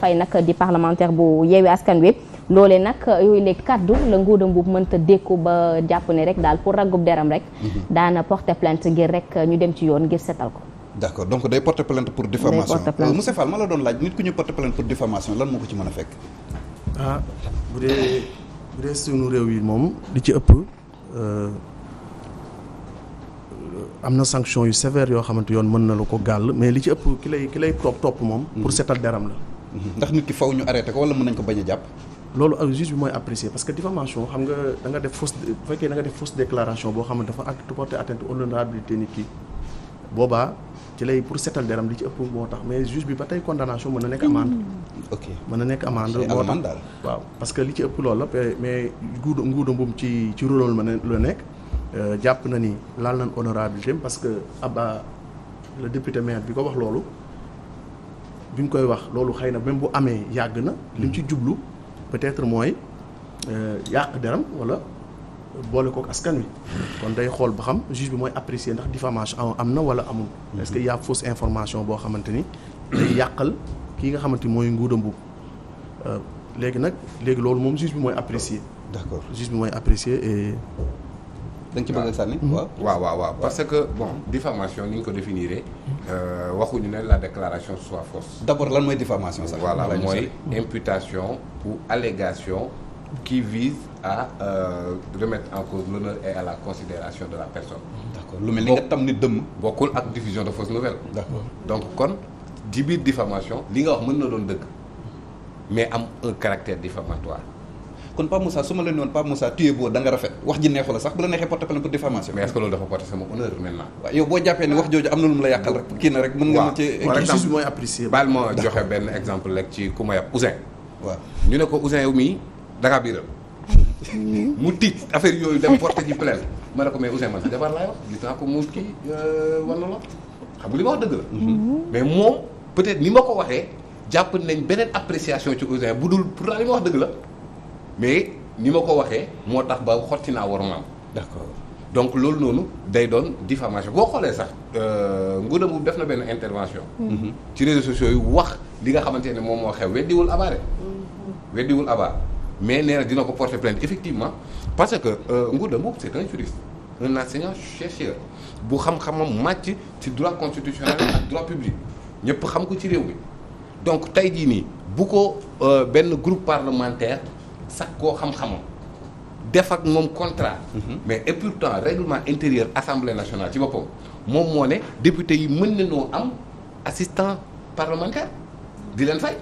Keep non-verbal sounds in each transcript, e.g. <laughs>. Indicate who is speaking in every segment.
Speaker 1: Faye nag di parlementaire bu yeewi askan wi loole nag yooyu les kaddu la Ngouda Mboup mënta dékku ba jàpp ne rek daal pour raggub deram rek mhm. daana porter plainte ngir rek ñu dem ci yoon ngir setal ko d'accord donc day porter
Speaker 2: plainte pour diffamation euh, monsieur Fall ma
Speaker 1: la doon laaj nit ku ñu porter plainte pour diffamation lan moo ko ci mën a fekk
Speaker 2: ah, bu dee bu réew yi moom li ci ëpp euh, am na sanction yu sévère yoo xamante yoon mën na lu ko gàll mais li ci ëpp ki lay ki topp moom pour mhm. setal deram la ndax nit ki faw ñu arrêté ko wala mën nañ ko bañ a jàpp. loolu juge bi mooy apprécier parce que diffamation xam nga da nga def fausse bu fekkee da nga def fausse déclaration boo xam ne dafa acte porté atteinte honorabilité nit ki boobaa ci lay pour setal deram li ci ëpp moo tax mais juge bi ba tey condamnation mën na nekk amende. ok mën na nekk amende moo tax waaw parce que li ci ëpp loolu la mais nguudu nguudu mbuum ci ci rôle ma la nekk euh, jàpp na ni laal nañ honorabilité parce que Abba le député maire bi ko wax loolu. bi ñu koy wax loolu xëy na même bu amee yàgg na. li mu ci jublu peut-être mooy euh, yàq deram wala boole kook askan wi. kon day xool ba xam juge bi mooy apprécier ndax diffamation am na wala amul. Mm-hmm. est-ce que yàq a fausse information boo xamante ni day yàqal kii nga xamante ni mooy nguudam bu euh, léegi nag léegi loolu moom juge bi mooy apprécier. d'accord juge bi mooy apprécier
Speaker 3: da nga ci bëgg a sànni mhm. waaw waaw waaw parce que bon diffamation ni ñu ko définiré euh, waxuñu ne la déclaration soit fausse d' abord lan mooy diffamation sax la mooy mhm. imputation ou allégation qui vise à euh, remettre en cause l'honneur et à la considération de la personne. d'accord lu mel ni nga tam ni dëmm. bokkul ak diffusion de fausses nouvelles. d'accord donc kon ci biir diffamation li nga wax mën na doon dëkk mais am un caractère diffamatoire. kon Pape su ma la ne woon Pape Moussa tu es beau
Speaker 1: da rafet wax ji neexu la sax bu la neexee porte plainte pour diffamation. mais est-ce que loolu dafa porter sama honneur maintenant. yow boo jàppee ne wax
Speaker 3: mu la yàqal joxe benn exemple rek ci ku ma yab Ousseyn. waaw ñu ne ko Ousseyn yow mii dangaa biiral <laughs> mu tiit affaire yooyu dem porte ji plainte ma ne ko mais Ousseyn man si jabar laay wax mu kii euh, wan na la xam nga li ma wax dëgg la. Mhm. Mhm. mais moom ni ma ko waxee jàpp nañ beneen appréciation ci Ousseyn bu dul pourtant li ma wax dëgg la mais ni ma ko waxee moo tax ba xotti naa war maam d'accord donc loolu noonu day doon diffamation boo xoolee sax euh, Ngouda Mboup def na benn intervention mm-hmm. ci réseaux sociaux yi wax li nga xamante ne moom moo xew weddiwul Abba de mm-hmm. weddiwul Abba mais nee dina ko porter plainte effectivement parce que euh, Ngouda Mboup c'est un juriste un enseignant bu xam-xamam màcc ci droit constitutionnel ak droit public ñëpp xam ko ci réew mi donc tey jii nii bu ko euh, benn groupe parlementaire sakkoo xam-xamam def ak moom contrat. Mhm. mais et pourtant règlement intérieur assemblée nationale ci boppam moom moo ne député yi mën nañoo am assistant parlementaire di leen fay.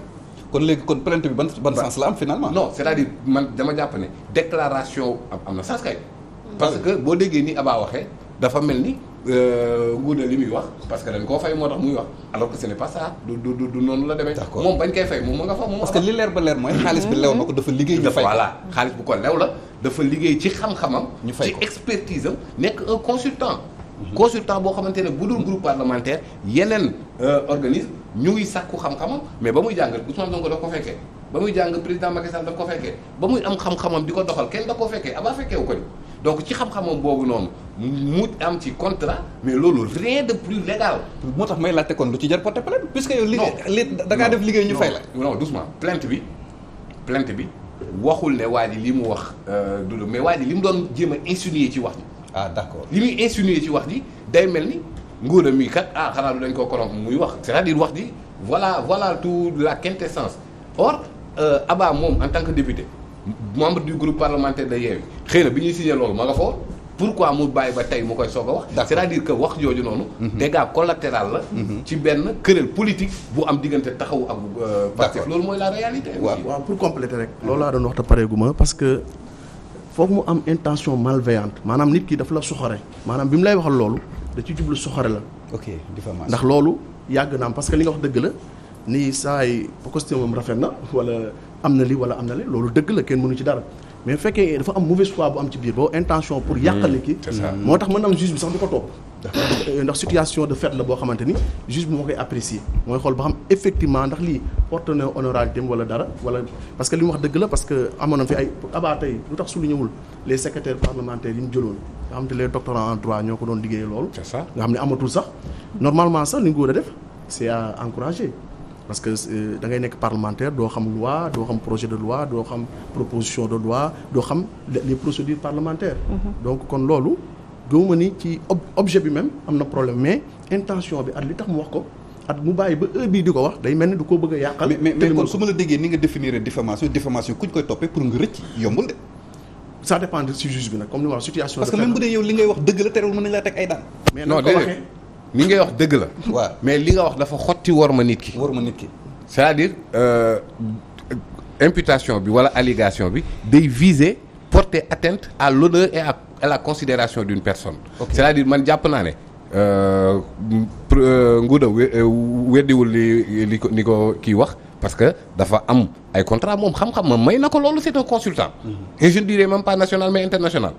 Speaker 3: kon léegi kon plainte bi ban ban sens la am finalement. non c'est-à-dire man dama jàpp ne déclaration am na sens kay. Mhm. parce que boo déggee nii Aba waxee dafa mel ni. Euh, guuda li muy wax parce que dañ koo fay moo tax muy wax alors que ce n'est pas du du du noonu la demee. d'accord moom bañ koy fay moom ma nga fa moom. parce que li leer ba leer mooy. xaalis bi lew na ko dafa liggéey ñu liggéey ci xam-xamam. ñu fay ko ci expertise am nekk un consultant. consultant boo xamante ne bu doon groupe parlementaire yeneen euh, organisme ñu ngi sàkku xam-xamam mais ba muy jàngal Ousmane Sonko daf ko fekkee ba muy jàng président Macky Sall daf ko fekkee ba muy am xam di ko kenn da koo fekkee abaa fekkeewu ko donc ci xam boobu noonu mu am ci contrat mais loolu rien de plus légal. moo tax may laajte kon lu ci jar porter plainte. puisque yow liggéey li da ngaa def liggéey ñu fay la. non doucement plainte bi plainte bi waxul ne waa ji li mu wax euh, du mais waa ji li mu doon jéem a insinuer ci wax ji. ah d'accord li muy insinuer ci wax ji day mel ni ngóor mi kat ah xanaa du dañ koo corrompre muy wax cest à wax di voilà voilà tout la quintessence or euh, Abba moom en tant que député membre du groupe parlementaire de xëy na bi ñuy signé loolu ma nga foofu. pour pourquoi mu bàyyi ba tey mu koy soog a wax. d'accord cest à wax jooju noonu. Mhm. dégâts collatéral la. Mhm. ci benn këral politique bu am diggante taxaw ak. Euh, Pastef loolu mooy la réalité.
Speaker 2: pour compléter rek. loolu laa doon wax te pareegu ma parce que foog mu am intention malveillante maanaam nit ki dafa la soxore. maanaam bi mu lay waxal loolu da ci jublu soxore la. ok diffamation ndax loolu yàgg naam parce que li nga wax dëgg la ni saa yi costume am rafet na wala am na li wala am na li loolu dëgg la kenn mënu ci dara. mais fekkee dafa am mauvaise foi bu am ci biir boo intention pour yàqale hmm. ki hmm. moo tax mën am juge bi sax du ko topp euh, ndax situation de fait la boo xamante ni juge bi moo koy apprécier mooy xool ba xam effectivement ndax lii porte na honorabilité wala dara wala parce que li mu wax dëgg la parce que amoon na fi ay abaa tey lu tax su lu ñëwul les secrétaires parlementaires yi ñu jëloon nga xam te les doctorants en droit ñoo ko doon liggéey loolu nga xam ne amatul sax normalement sax li nguur a def c'est à encourager parce que euh, da ngay nekk parlementaire doo xam loi doo xam projet de loi doo xam proposition de loi doo xam les procédures parlementaires. Mhm. donc kon loolu gëmuma ni ci objet bi même am na problème mais intention bi at li tax mu wax ko. at mu bàyyi ba heure bii di ko wax day mel ni du ko bëgg a yàqal. mais su ma
Speaker 1: la déggee ni nga définir diffamation diffamation kuñ koy toppee pour nga rëcc yombul de. ça dépend ci
Speaker 3: juge bi nag comme li wax situation. li ngay wax dëgg la. waaw mais li nga wax dafa xotti war ma nit ki. war ma nit ki c'est-à-dire euh, bi wala allégation bi day viser porter atteinte à l'honneur et la considération d'une personne. Okay. c'est-à-dire man jàpp naa ne. Euh, euh, Ngouda euh, weddiwul li li ko ni ko kii wax parce que dafa am ay contrat moom xam-xam ma may na ko loolu c'est un consultant. Mm-hmm. et je ne dirais national mais international.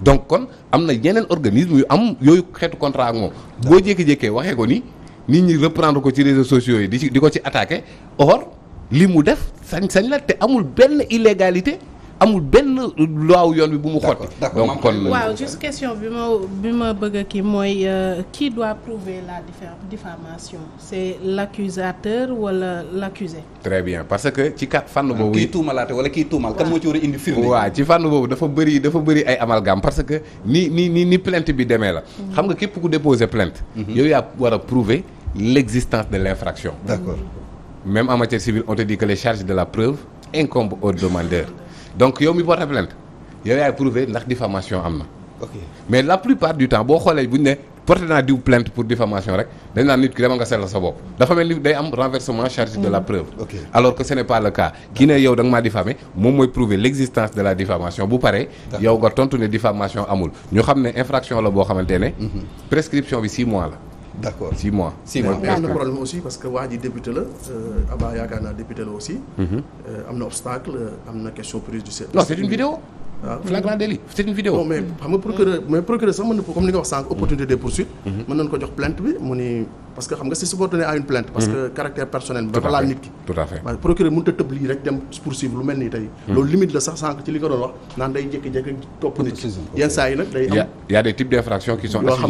Speaker 3: donc kon am na yeneen organisme yu am yooyu xeetu contrat ak moom boo jékki-jékkee waxee ko ni nit ñi reprendre ko ci réseau sociaux yi di di ko ci attaqué or li mu def sañ-sañ la te amul benn illégalité amul benn loi yoon bi bu mu xotti donc kon waaw juste question bi ma bi ma bëgg a kii mooy euh, qui doit prouver la diffamation c'est l'accusateur wala l'accusé très bien parce que ci kat fann boobu kii tuumalaate wala kii tuumal kan moo ci war a indi firnde waaw ci fànn boobu dafa bëri dafa bëri ay amalgame parce que ni ni ni ni plainte bi demee la mm-hmm. xam nga képp ku déposer plainte mm-hmm. yow yaa war a prouver l'existence de l'infraction d'accord même en matière civile on te dit de la preuve incombent donc yow mi porté plainte yow yaay prouver ndax diffamation am na. ok mais la plupart du temps boo xoolee bu ñu ne porté naa diw plainte pour diffamation rek dañ naan nit ki dama nga seetla sa bopp dafa mel ni day am renversement charge de la mm. preuve. Okay. alors que ce n'est pas le cas. ki ne yow da nga maa diffamé moom mooy prouver l'existence de la diffamation bu paree. yow nga tontu ne diffamation amul ñu xam ne infraction la boo xamante ne. Mm-hmm. prescription bi 6 mois la. d'accord six mois. six mois mais am na problème
Speaker 2: aussi parce que waa ji député la euh, Abba yaakaar naa député la aussi. Mhm. Euh, am na obstacle euh, am na question prise du service. non c'est une vidéo. waaw ah. flagrant délit c'est une vidéo. non mais xam nga procureur mais procureur sax mën na comme ni nga wax sànq. opportunité de poursuite. Mhm. mën nañu ko jox plainte bi mu ni. parce que xam nga c'est subordonné à une plainte parce mmh. que caractère personnel bi dafa laal nit ki procureur mënut a tëb lii rek dem poursuivre lu mel nii tey mmh. loolu limite la sax sànq ci li nga doon wax naan day jékki-jékki topp nit ki saa yi nag day am
Speaker 3: y a des types yoo xam ne en euh,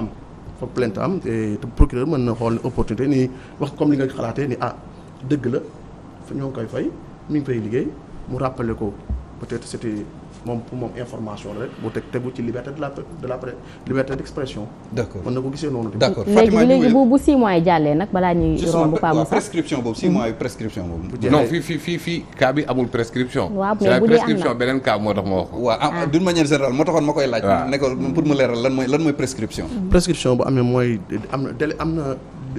Speaker 2: am foog am te procureur mën na xool opportunité ni wax comme li nga xalaatee ni ah dëgg la ñoo koy fay mi ngi fay liggéey mu rappelé ko peut-être c'était moom pour moom information la rek bu teg tegu ci liberté de la de la liberté d'expression. d'accord mën na ko gisee noonu. d'accord Fatima léegi léegi bu bu mois yi jàllee nag balaa ñuy romb Paa Moussa
Speaker 3: prescription boobu 6 mois mm. prescription boobu. non fii fii fii fii cas amul prescription. beneen cas moo tax ma wax ko. waaw ah, ah. d'une manière générale moo taxoon ma koy
Speaker 1: laaj.
Speaker 2: waaw pour mu leeral lan mooy prescription. Mm. prescription bu amee mooy am na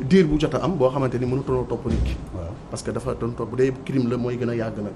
Speaker 2: délai a boo xamante ni mënut a topp dafa doon topp bu dee crime a yàgg nag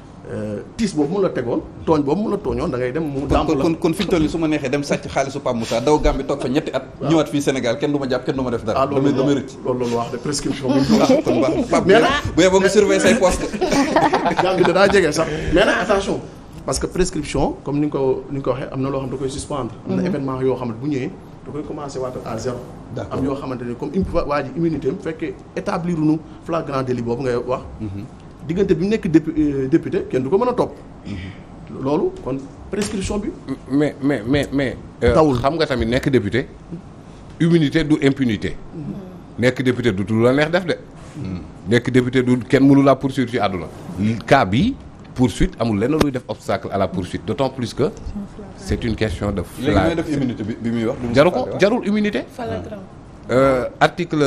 Speaker 2: Euh, tiis boobu mu la tegoon tooñ boobu mu la tooñoon da ngay dem mu dàmp la kon kon fi mu toll nii su ma neexee dem sàcc xaalisu
Speaker 1: Pape Moussa daw Gambie toog fa ñetti at ñëwaat fii Sénégal kenn du ma jàpp kenn du ma def dara ah, damay damay rëcc loolu loolu wax de prescription
Speaker 2: <laughs> bu ah, kon baax Pape bu yeboo nga surveiller say poste <laughs> Gambie da daa jege sax mais nag attention parce que prescription comme ni nga ko ni nga ko waxee am na loo xam da koy suspendre am na mhm. événement yoo xam ne bu ñëwee da koy commencer waat à zéro am yoo xamante ne comme waa ji immunité bu fekkee établir nu flagrant délit boobu ngay wax mhm. diggante bi mu nekk euh, député kenn du ko mën a topp. loolu kon prescription bi. mais mais mais mais. Euh, tawul xam
Speaker 3: nga tamit nekk député. immunité du impunité. nekk député du du la neex def de. nekk député du kenn mënu la poursuite ci àdduna. cas bii poursuite amul lenn luy def obstacle à la pour poursuite d'autant plus que. c'est une question de. flagrant léegi def immunité bi bi muy wax. jarul ko jarul immunité. Euh, article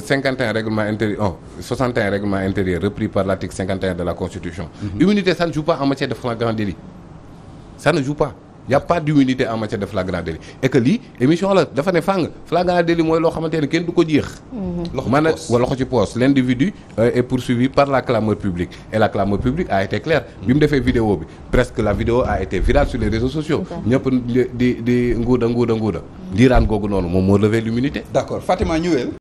Speaker 3: 51 règlement intérieur oh, 61 règlement intérieur repris par l'article 51 de la Constitution. Mm -hmm. Immunité, ça ne joue pas en matière de flagrant délit. Ça ne joue pas. y' a pas d'immunité en matière de flagrant délit lii émission la dafa ne fàng flagrant délit mooy loo xamante ne kenn du ko jeex. Mm-hmm. loxo maanaam wala ci poos l' individu euh, est poursuivi par la clameur publique et la clameur publique a été claire. Mm-hmm. bi mu defee vidéo bi presque la vidéo a été virale sur les réseaux sociaux. ñëpp di di nguuda nguuda nguuda. diiraan googu noonu moom moo levé l'immunité. d' accord ñëweel.